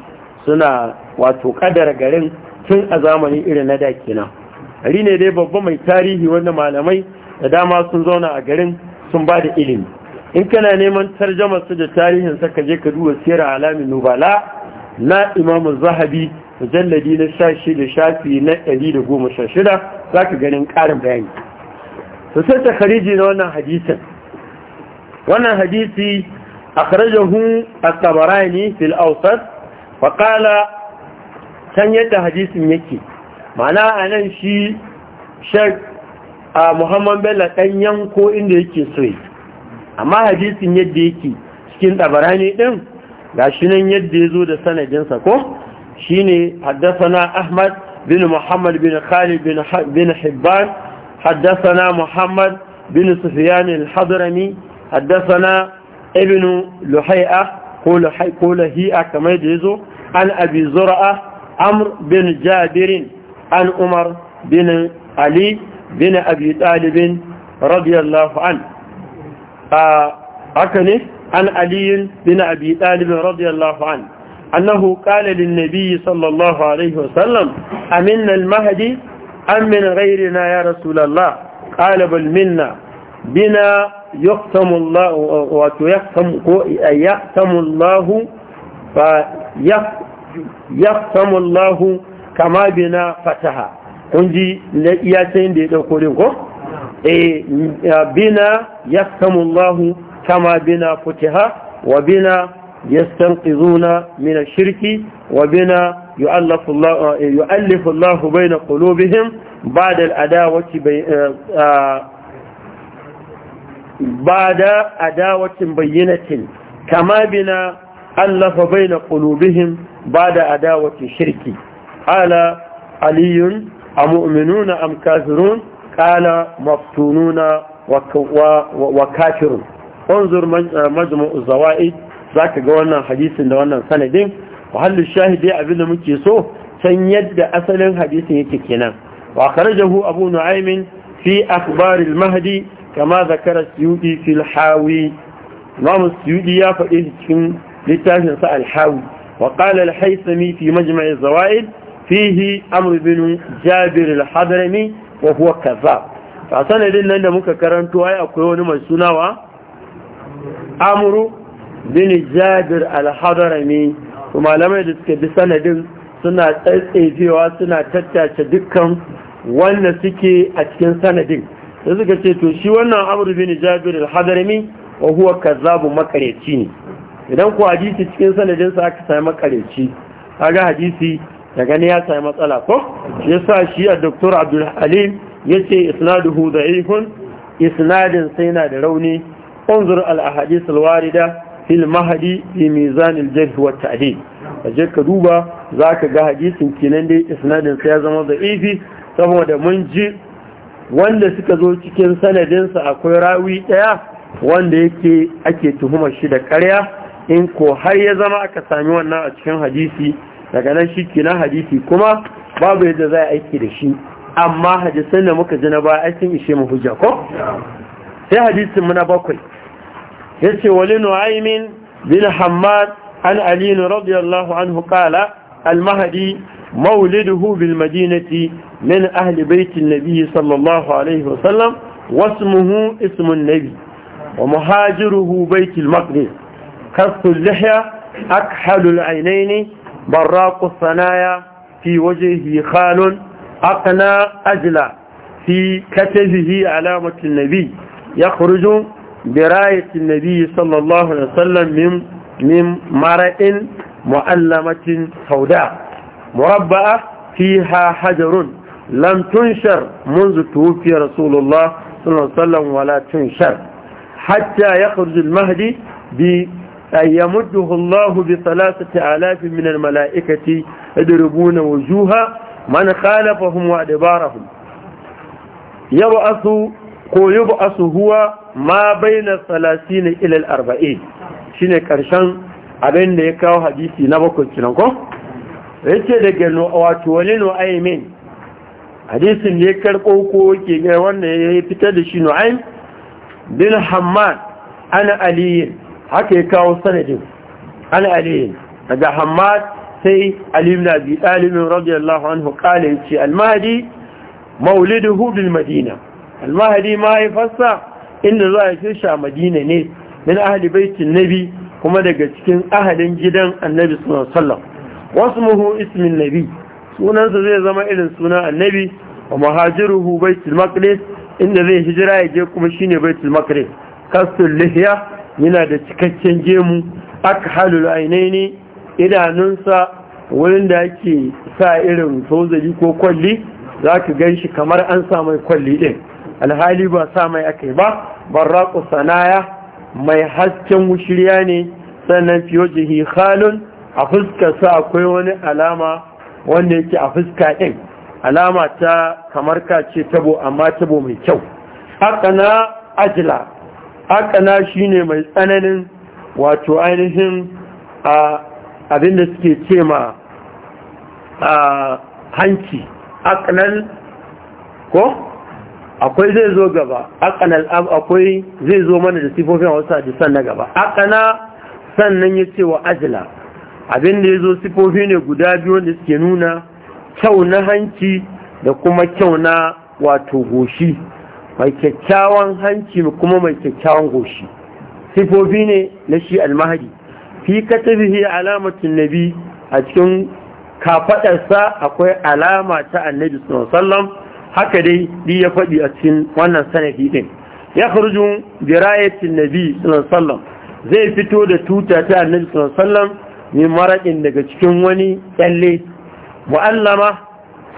suna wato kadar garin tun a zamanin irin na dakina gari ne dai babba mai tarihi wanda malamai da dama sun zauna a garin sun ba da ilimi in kana neman tarjamar su da tarihin saka je ka duba sirar alamin nubala na imamu zahabi mujalladi na sha da shafi na ɗari da goma sha shida za ka ganin ƙarin bayani Su sai ta kariji na wannan hadisin wannan hadisi a at-tabarani fil awsat faƙala can yadda hadisin yake ma'ana anan shi shek a muhammad bello ɗan yanko inda yake so amma hadisin yadda yake cikin tabarani ɗin ga shi nan yadda ya zo da sanadinsa ko shine haddasa ahmad bin muhammad bin khalid bin hibban haddasa na muhammad bin sufiyan al-hadrami haddasa na ibn ko luhai'a kamar da ya zo an abi zura'a amr bin jabirin an umar bin ali bin abi radiyallahu an ah, haka ne an aliyun bin abi ɗalibin radiyallahu an أنه قال للنبي صلى الله عليه وسلم أمنا المهدي أم من غيرنا يا رسول الله قال بل منا بنا يختم الله ويختم يختم الله يختم الله kama bina fataha kun ji na iyacin da ya ɗauko din ko? e bina ya samun lahu kama bina fataha wa bina yastanqizuna min ash-shirki wa bina yu'allifu Allah yu'allifu Allah bayna qulubihim ba'da adawacin adawati ba'da adawatin bayyinatin kama bina allafa bayna qulubihim ba'da adawacin shirki ala aliyun amu'minuna am kafirun maftununa مفتونون وكافر انظر مجموع الزوائد za ka ga wannan hadisin da wannan sanadin wahallu shahidi abin da muke so can yadda asalin hadisin yake kenan wa kharajahu abu nuaimin fi akhbar al-mahdi kama zakara suyudi fi al-hawi imam ya faɗi cikin littafin sa al-hawi wa qala al-haythami fi majma' al zawaid fihi amr bin jabir al-hadrami wa huwa kaza a sanadin nan da muka karanto ai akwai wani mai sunawa amru bin jabir al malamai da suke bi sanadin suna tsaitsefewa suna tattace dukkan wanda suke a cikin sanadin da suka ce to shi wannan amru bin jabir al wa huwa kazzabu makareci ne idan ku hadisi cikin sanadin sa aka sami makareci kaga hadisi da gani ya sami matsala ko yasa shi a doktor abdul halim yace isnaduhu da'ifun isnadin sai na da rauni unzur al-ahadith al-warida fil mahadi fi mizanil jarh wa ta'dil kaje ka duba zaka ga hadisin kenan dai isnadin sa ya zama da'ifi saboda mun ji wanda suka zo cikin sanadin sa akwai rawi daya wanda yake ake tuhumar shi da ƙarya in ko har ya zama aka sami wannan a cikin hadisi daga nan shi kenan hadisi kuma babu yadda za a aiki da shi amma hadisin da muka ji na ba a sun ishe mu hujja ko sai hadisin mu na bakwai yace ولن عيم بن حماد عن علي رضي الله عنه قال المهدي مولده بالمدينة من أهل بيت النبي صلى الله عليه وسلم واسمه اسم النبي ومهاجره بيت المقدس كف اللحية أكحل العينين براق الثنايا في وجهه خال أقنى أجلى في كتفه علامة النبي يخرج برعاية النبي صلى الله عليه وسلم من من مرأ معلمة سوداء مربعة فيها حجر لم تنشر منذ توفي رسول الله صلى الله عليه وسلم ولا تنشر حتى يخرج المهدي أن يمده الله بثلاثة آلاف من الملائكة يضربون وجوها من خالفهم وأدبارهم يبعث ko yi ba su huwa ma bai na salasi na ilil arba'in shi ne ƙarshen abin da ya kawo hadisi na bakwai cinan ko ya ce daga wato wani nu'aimin hadisin ne ya karɓo ko ke ga wanda ya fitar da shi nu'aim bin hamman ana aliyin haka ya kawo sanadin ana aliyin daga hamad sai alim na bi ɗalibin radiyallahu anhu ƙala ya ce al-mahdi, maulidu hudun madina almahadi fassa inda za a fi a madina ne min ahali baitin nabi kuma daga cikin ahalin gidan annabi sallallahu wasu muhu ismin nabi sunansa zai zama irin sunan annabi wa muhajiruhu baitul inda zai hijira ya je kuma shine baitul maqdis kasul lihiya, yana da cikakken gemu akhalul ainaini idanunsa wurin da yake sa irin tozali ko kwalli zaka ganshi kamar an sa mai kwalli din alhali ba sa mai aka yi ba barraku sanaya mai hasken mushiriya ne sannan fiye jihi halin a fuskarsa akwai wani alama wanda yake a fuska ɗin alama ta kamar ka ce tabo amma tabo mai kyau akana ajila shi ne mai tsananin wato ainihin abinda suke ce ma hanci akanan ko akwai zai zo gaba akana al'am akwai zai zo mana da sifofin wasu san na gaba akana sannan ya ce wa ajila abin da ya zo sifofi ne guda biyu da suke nuna kyau na hanci da kuma kyau na wato goshi mai kyakkyawan hanci kuma mai kyakkyawan goshi sifofi ne na shi almahadi fi katabihi alamatin nabi a cikin kafaɗarsa akwai alama ta annabi sallallahu alaihi wasallam haka dai di ya faɗi a cikin wannan sanadi din ya kharju bi nabi sallallahu zai fito da tuta ta annabi sallallahu min maraƙin daga cikin wani ƙyalle. mu'allama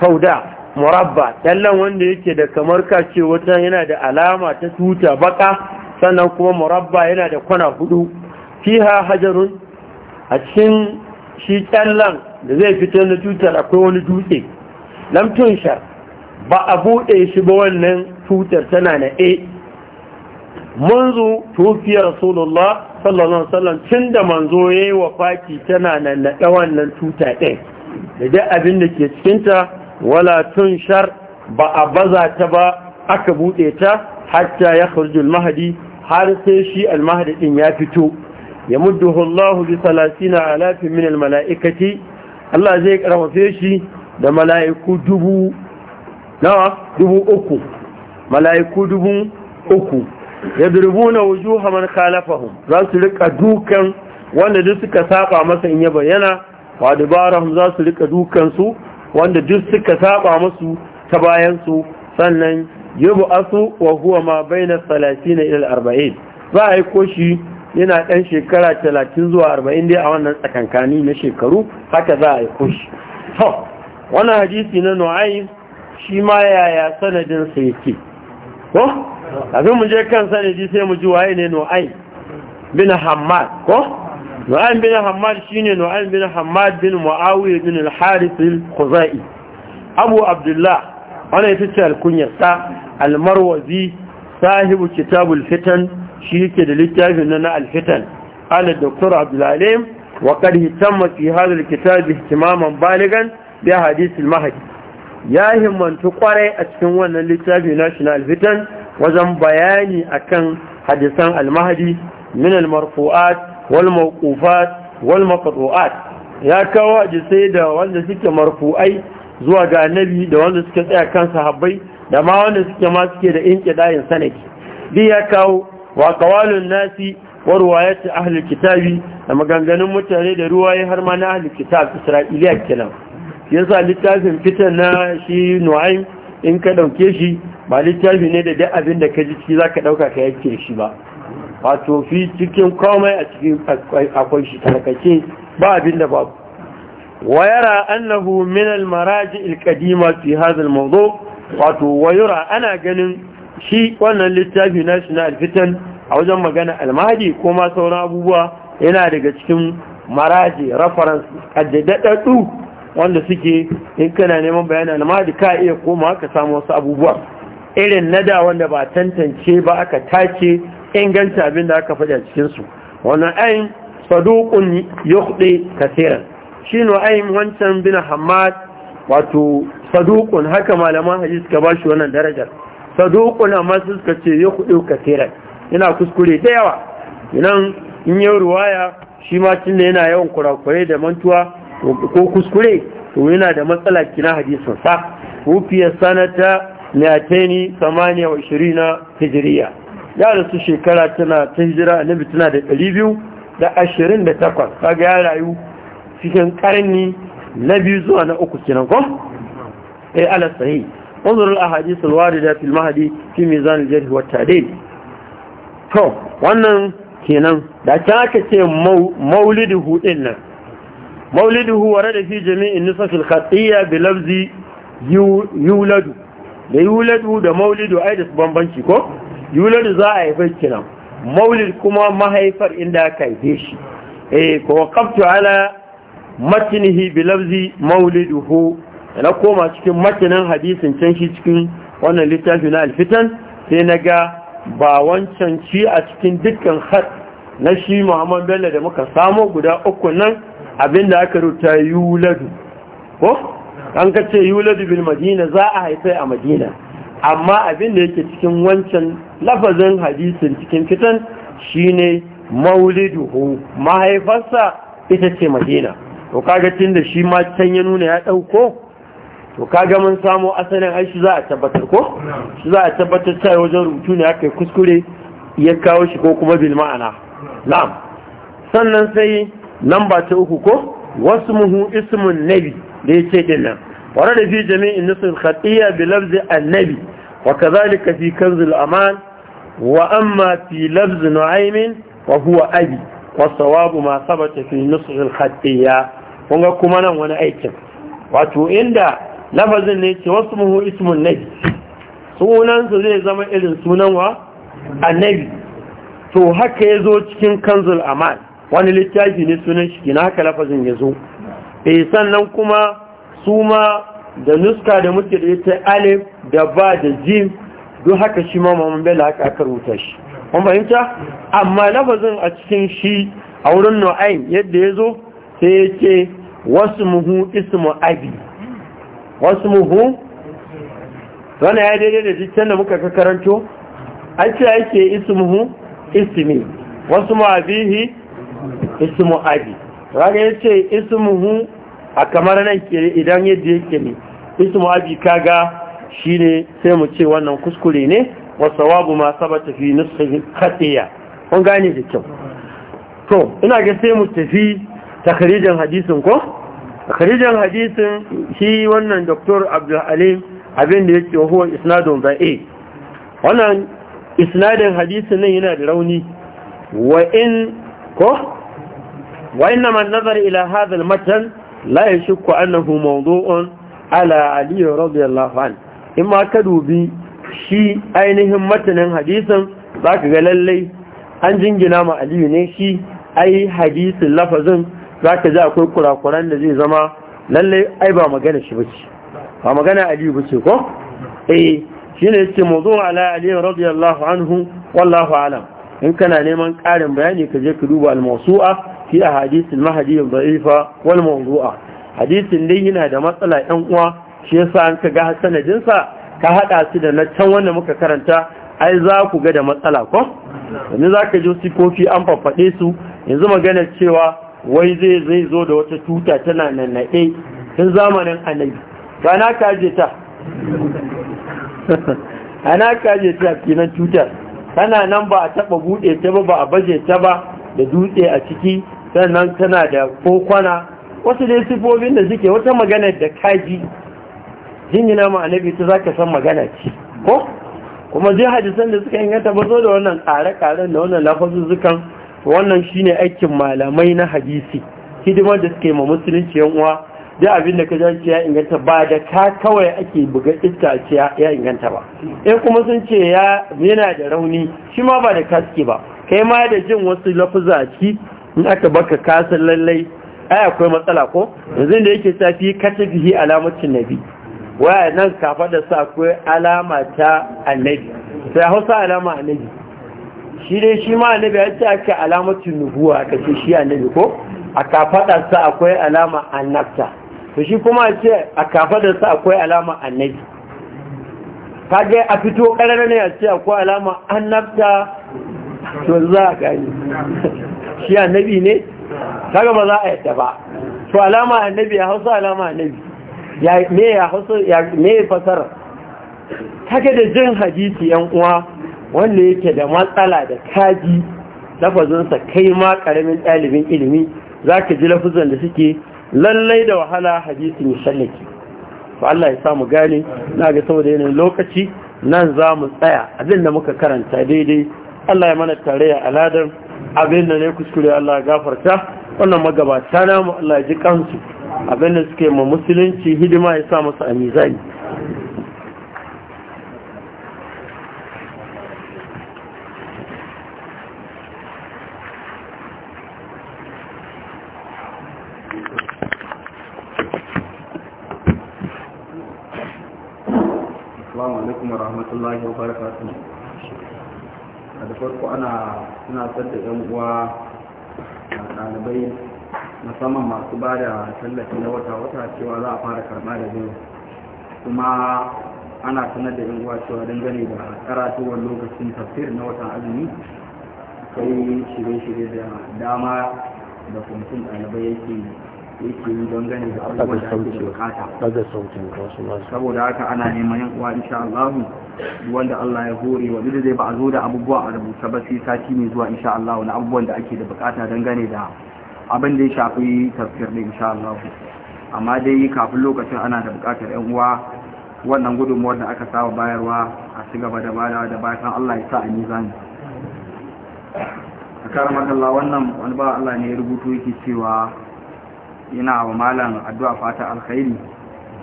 sauda murabba tsallen wanda yake da kamar kace wata yana da alama ta tuta baka sannan kuma murabba yana da kwana hudu fiha hajarun a cikin shi tsallen da zai fito da tutar akwai wani dutse lamtun shar ba a buɗe shi ba wannan tutar tana na a manzo tufiya rasulullah sallallahu alaihi tun da manzo ya yi wafaki tana na naɗa wannan tuta ɗin da dai abin da ke cikinta wala tun shar ba a baza ta ba aka buɗe ta hatta ya kurjul mahadi har sai shi almahadi ɗin ya fito ya muddu Allah bi salasina alafin min mala'ikati Allah zai karfafe shi da mala'iku dubu nawa dubu uku mala'iku dubu uku ya durbu na wuju haman kalafahun za su rika dukan wanda duk suka saba masa in ya bayyana wa dubarahun za su rika dukansu wanda duk suka saba masu ta bayansu sannan yabu asu wa huwa ma bai na baina na il 40 za a yi koshi yana ɗan shekara talatin zuwa 40 dai a wannan tsakankani na shekaru haka za a yi koshi wannan hadisi na nu'aym shi ma yaya sanadinsa yake ko kafin mu je kan sanadi sai mu ji waye ne nu'ayn bin hammad ko nu'ayn bin hammad shine nu'ayn bin hammad bin muawiya bin al-harith kuzai abu abdullah wannan ita ce alkunyar sa almarwazi sahibu kitabul fitan shi yake da littafin na al-fitan ala dr abdulalim وقد اهتم في هذا الكتاب baligan بالغا بحديث المهدي ya himmantu kwarai a cikin wannan littafi National na alfitan wajen bayani akan hadisan almahadi min almarfu'at wal mawqufat wal maqtu'at ya kawo hadisai da wanda suke marfu'ai zuwa ga annabi da wanda suke tsaya kan sahabbai da ma wanda suke ma suke da inqidayin sanaki bi ya kawo wa qawalun nasi wa ruwayat ahli kitabi da maganganun mutane da ruwaye har ma na ahli kitab isra'iliya kenan yasa littafin fitan na shi nu'aim in ka dauke shi ba littafi ne da abin da ka ji ciki ka dauka ka yake shi ba wato fi cikin komai a cikin akwai shi talakace ba abin da babu wayara annahu min al-maraji al-qadima fi hadha al-mawdu wato wayara ana ganin shi wannan littafi na shi na fitan a wajen magana al-mahdi ko ma sauran abubuwa yana daga cikin maraji reference kaddadaddu wanda suke in kana neman bayanin almadi ka iya koma ka samu wasu abubuwa irin na da wanda ba tantance ba aka tace inganta abin da aka faɗi a cikinsu wannan ayin saduqun yukhdi kaseeran shi ne ayin wancan bin hamad wato saduqun haka malaman hadisi ka bashi wannan darajar saduqun amma suka ce yukhdi kaseeran yana kuskure da yawa idan in yi ruwaya shi ma tunda yana yawan kurakure da mantuwa ko kuskure to yana da matsala kina hadisin sa rufiya sanata mi'ataini samaniya wa ishirina hijiriya ya rasu shekara tana ta hijira nabi tana da ɗari biyu da ashirin da takwas kaga ya rayu cikin ƙarni na biyu zuwa na uku kenan ko a eh, ala sahih da الاحاديث الوارده في المهدي في ميزان الجرح والتعديل to wannan kenan da ta aka ce maulidi hudin nan mauliduhu warada fi jami'in nisafil khatiyya bilabzi yuladu da yuladu da maulidu ai da su bambanci ko yuladu za a haifar kinan maulid kuma mahaifar inda aka haife shi eh ko waqaftu ala matnihi bilabzi lafzi mauliduhu na koma cikin matanin hadisin can shi cikin wannan littafi na alfitan sai na ga ba wancan ci a cikin dukkan had na shi Muhammadu bello da muka samo guda uku nan Abin da aka rubuta yuladu ko an ka ce yuladu bil madina za a haifai a madina amma abinda yake cikin wancan lafazin hadisin cikin fitan shine mauliduhu mahaifarsa ita ce madina to kaga tunda shi ma can ya nuna ya dauko to kaga mun samu asalin ai shi za a tabbatar ko shi za a tabbatar sai wajen rubutu ne aka yi kuskure ya kawo shi ko kuma bil ma'ana na'am sannan sai namba ta uku ko wasmuhu ismun nabi da ce dinnan warada fi jami'in nusul khatiya bi lafzi annabi wa kadhalika fi kanzul aman wa amma fi lafzi nu'aymin wa huwa abi wa sawabu ma sabata fi nusul khatiya ga kuma nan wani aikin wato inda lafazin ne ce wasmuhu ismun nabi sunansa zai zama irin sunan wa annabi to haka ya zo cikin kanzul aman wani littafi ne sunan shi kina haka lafazin ya eh sannan kuma su ma da nuska da muke da ita alif da ba da jim duk haka shi ma mamman bela haka aka rubuta shi kun fahimta amma lafazin a cikin shi a wurin nu'aim yadda ya zo sai ya ce wasu muhu ismu abi wasu muhu wani ya daidai da jikin da muka karanto an ce yake ismuhu ismi wasu mu abihi ismu abi raga yace ismuhu a kamar nan ke idan yadda yake ne ismu abi kaga shine sai mu ce wannan kuskure ne wa sawabu ma sabata fi nusuhin khatiya kun gane da kyau to ina ga sai mu tafi takarijan hadisin ko takarijan hadisin shi wannan doktor abdul alim abin da yake huwa isnadun da'i wannan isnadin hadisin nan yana da rauni wa in ko wa inna man nazar ila hadha al-matan la yashku annahu mawdu'un ala ali radiyallahu an imma ka dubi shi ainihin matanin hadisin zaka ga lallai an jingina ma ali ne shi ai hadisin lafazin zaka ji akwai kurakuran da zai zama lallai ai ba magana shi bace ba magana ba bace ko eh shine yace mawdu'un ala ali radiyallahu anhu wallahu a'lam in kana neman ƙarin bayani ka je ka duba almasu'a mawsua fi a hadisin mahdi daifa wal mawdu'a hadisin dai yana da matsala yan uwa shi yasa an ka ga sanadin sa ka hada su da na can wanda muka karanta ai za ku ga da matsala ko yanzu za ka su kofi an faffade su yanzu maganar cewa wai zai zai zo da wata tuta tana nannaɗe tun zamanin annabi ba na kaje ta ana kaje ta kinan tutar tana nan ba a taba buɗe ta ba ba a baje ta ba da dutse a ciki sannan tana da kokwana wasu dai sifofin da suke wata magana da kaji jingina ma annabi ta zaka san magana ce ko kuma zai hadisan da suka inganta ba zo da wannan kare-kare da wannan zukan wannan shine aikin malamai na hadisi hidimar da suke ma musulunci yan uwa da abin da ka janci ya inganta ba da ka kawai ake buga iska ce ya inganta ba in kuma sun ce ya yana da rauni shi ma ba da suke ba kai ma da jin wasu lafuza a in aka baka kasan lallai ai akwai matsala ko yanzu da yake safi katabihi alamatin nabi waya nan kafa da sa akwai alama ta annabi sai hausa alama annabi shi dai shi ma annabi ya ce aka alamatin nubuwa kace shi annabi ko a kafaɗarsa akwai alama annabta to shi kuma ce a kafadarsa akwai alama annabi ta ga a fito ƙararra ne a ce akwai alama annabta to za a gani shi annabi ne ta ga ba za a yadda ba to alama annabi ya hausa alama annabi me ya hausa me ya fasara ta ga da jin hadisi yan uwa wanda yake da matsala da kaji lafazinsa kai ma ƙaramin ɗalibin ilimi za ka ji lafazin da suke lallai da wahala hadisi ya shallake to Allah ya samu gane na ga saboda yanayin lokaci nan za mu tsaya abin da muka karanta daidai Allah ya mana tarayya aladar abin da ne kuskure Allah ya gafarta wannan magabata namu Allah ya ji kansu abin da suke ma musulunci hidima ya sa musu a mizani alaikum wa rahmatullahi wa barakatun a da farko ana suna da yan uwa a ɗalibai musamman masu ba da tallafi na wata-wata cewa za a fara karɓa da zai kuma ana sanar da yan uwa cewa dangane da karatuwar lokacin tafsir na watan azumi kai shirye-shirye da dama da kwamitin ɗalibai yake yake yi don gani da abubuwan da ake bukata saboda haka ana neman yan uwa insha Allah wanda Allah ya hore wa duk zai ba a zo da abubuwa a rubuta ba sai sati mai zuwa insha Allah na abubuwan da ake da bukata don gane da abin da ya shafi tafsir da insha Allah amma dai kafin lokacin ana da bukatar yan uwa wannan gudunmuwar da aka saba bayarwa a ci gaba da bada da bayan Allah ya sa a mizani a karamar Allah wannan wani ba Allah ne ya rubutu yake cewa yana wa malam addu'a fata alkhairi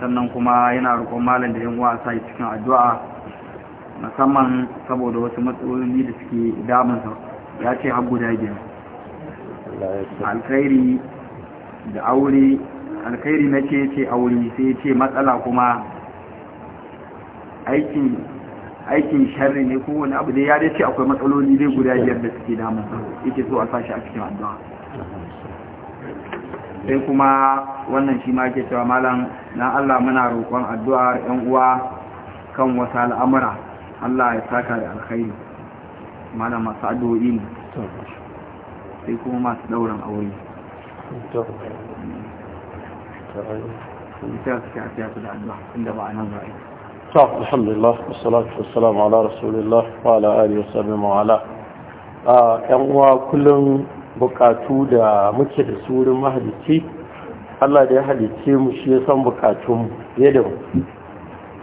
sannan kuma yana roƙon malam da yan uwa sa cikin addu'a musamman saboda wasu matsaloli da suke damunsa ya ce har guda biyar alkhairi da aure alkhairi na ce ce aure sai ya ce matsala kuma aikin aikin sharri ne ko wani abu da ya dace akwai matsaloli dai guda biyar da suke damunsa yake so a sashi a cikin addu'a sai kuma wannan shi ma ke cewa malam na Allah muna roƙon addu'ar ‘yan uwa kan wasu al'amura Allah ya saka da alkhairi malam masu addu'o'i ne sai kuma masu ɗaurin aure طب الحمد لله والصلاة والسلام على رسول الله وعلى آله وصحبه وعلى uwa kullum. bukatu da muke da surin mahalicci Allah da ya halicci mu shi ya san bukatunmu fiye da mu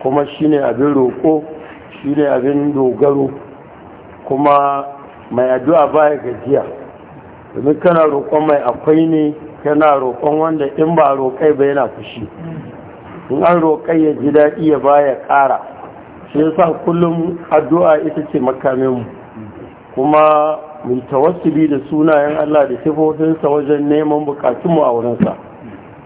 kuma shi ne abin roƙo shi ne abin dogaro kuma mai addu'a baya gajiya domin kana roƙon mai akwai ne kana roƙon wanda in ba roƙai ba yana fushi in an roƙai ya ji daɗi ya baya ƙara shi ya sa kullum addu'a ita ce makamin mu kuma min tawassuli da sunayen Allah da sifofinsa wajen neman bukatunmu a wurinsa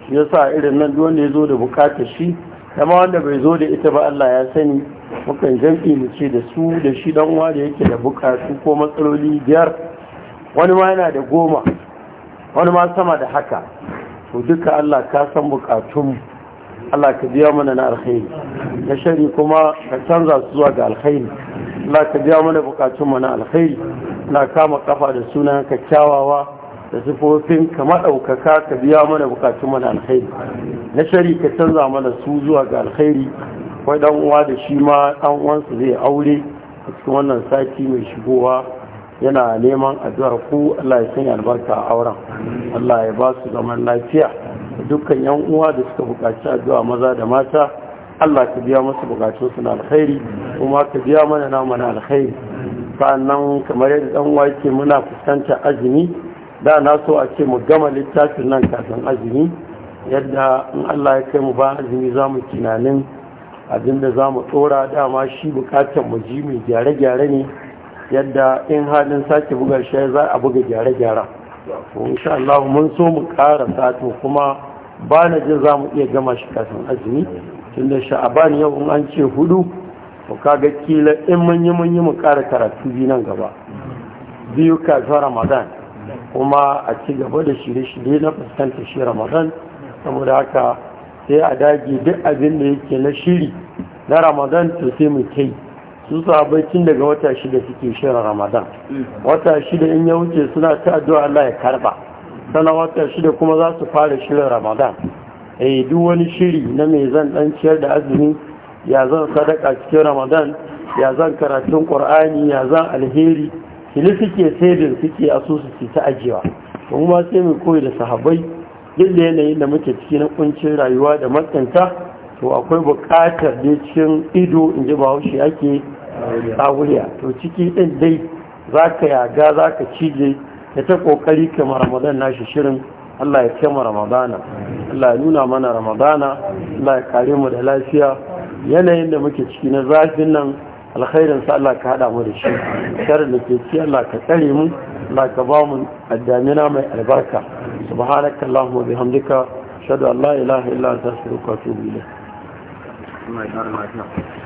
shi yasa irin nan duk wanda ya zo da bukatar shi kama wanda bai zo da ita ba Allah ya sani mukan jam'i mu ce da su da shi dan uwa da yake da bukatu ko matsaloli biyar wani ma yana da goma wani ma sama da haka to duka Allah ka san bukatun Allah ka biya mana na alkhairi na shari kuma ka canza su zuwa ga alkhairi Allah ka biya mana bukatun mu na alkhairi na kama kafa da suna ka da sifofin ka maɗaukaka ka biya mana bukatun mana alkhairi na shari ka canza mana su zuwa ga alkhairi wai dan uwa da shi ma dan uwansa zai aure a cikin wannan sati mai shigowa yana neman addu'ar ku Allah ya sanya albarka a auren Allah ya ba su zaman lafiya dukkan yan uwa da suka buƙaci addu'a maza da mata Allah ka biya musu bukatunsu na alkhairi kuma ka biya mana namu na alkhairi sa'annan kamar yadda dan wake muna fuskantar azumi da na so a ce mu gama littafin nan kafin azumi yadda in Allah ya kai mu ba azumi za mu tunanin da za mu tsora dama shi bukatar mu ji mai gyare-gyare ne yadda in halin sake buga shi za a buga gyare-gyara insha Allah mun so mu ƙara sato kuma ba na jin za mu iya gama shi kafin azumi tunda sha'aban yau in an ce hudu to kaga kila in mun yi mun yi mu ƙara karatu biyu nan gaba biyu kafin ramadan kuma a ci gaba da shirye-shirye na fuskantar shi ramadan saboda haka sai a dage duk abin da yake na shiri na ramadan to sai mu kai su sababbin daga wata shida suke shirin ramadan wata shida in ya wuce suna ta addu'a Allah ya karba sannan wata shida kuma za su fara shirin ramadan eh duk wani shiri na mai zan dan ciyar da azumi ya zan sadaka cikin ramadan ya zan karatun ƙur'ani ya zan alheri fili suke sedin suke asusu su ta ajiyewa kuma sai mu koyi da sahabai duk da yanayin da muke ciki na kuncin rayuwa da matsanta to akwai buƙatar da cikin ido in ji bahaushe ake tsawuliya to ciki ɗin dai za ka yaga za ka cije da ta ƙoƙari kama ramadan nashi shirin Allah ya kama ramadana Allah ya nuna mana ramadana Allah ya kare mu da lafiya yanayin da muke ciki na zafin nan alkhairin sa Allah ka hada mu da shi sharri da ke ci Allah ka tsare mu Allah ka ba mu addamina mai albarka subhanaka allahumma bihamdika shadu an la ilaha illa anta astaghfiruka wa atubu ilayk